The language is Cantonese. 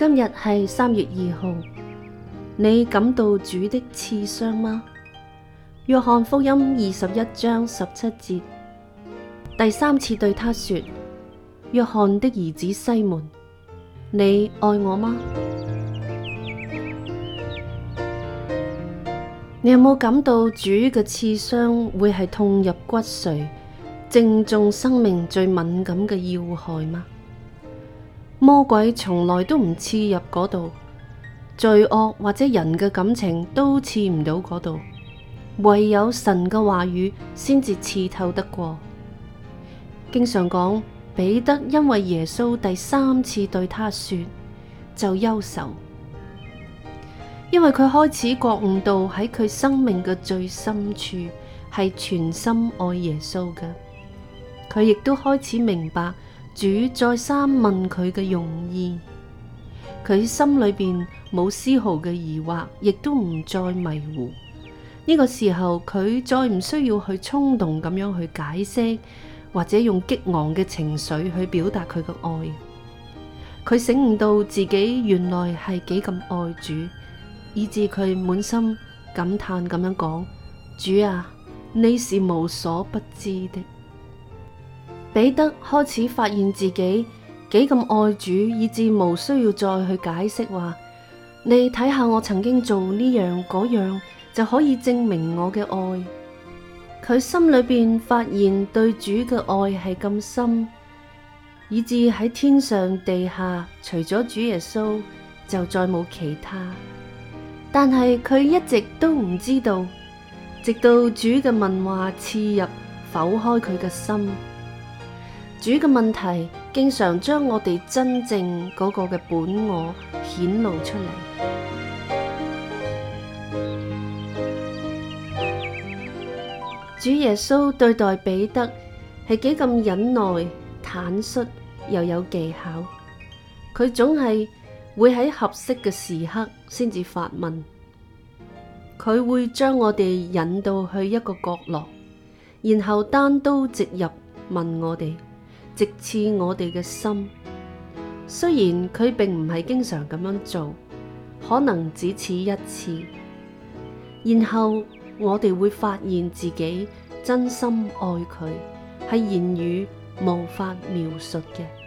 今日係三月二號，你感到主的刺傷嗎？約翰福音二十一章十七節，第三次對他說：約翰的兒子西門，你愛我嗎？你有冇感到主嘅刺傷會係痛入骨髓，正中生命最敏感嘅要害嗎？魔鬼從來都唔刺入嗰度，罪惡或者人嘅感情都刺唔到嗰度，唯有神嘅話語先至刺透得過。經常講，彼得因為耶穌第三次對他說，就憂愁，因為佢開始覺悟到喺佢生命嘅最深處係全心愛耶穌嘅，佢亦都開始明白。主再三問佢嘅用意，佢心裏邊冇絲毫嘅疑惑，亦都唔再迷糊。呢個時候，佢再唔需要去衝動咁樣去解釋，或者用激昂嘅情緒去表達佢嘅愛。佢醒悟到自己原來係幾咁愛主，以至佢滿心感嘆咁樣講：主啊，你是無所不知的。彼得開始發現自己幾咁愛主，以至無需要再去解釋話，你睇下我曾經做呢樣嗰樣就可以證明我嘅愛。佢心裏邊發現對主嘅愛係咁深，以至喺天上地下，除咗主耶穌就再冇其他。但係佢一直都唔知道，直到主嘅問話刺入、剖開佢嘅心。主嘅問題，經常將我哋真正嗰個嘅本我顯露出嚟。 主耶穌對待彼得，係幾咁忍耐、坦率，又有技巧。佢總係會喺合適嘅時刻先至發問。佢會將我哋引到去一個角落，然後單刀直入問我哋。直刺我哋嘅心，雖然佢並唔係經常咁樣做，可能只此一次，然後我哋會發現自己真心愛佢，係言語無法描述嘅。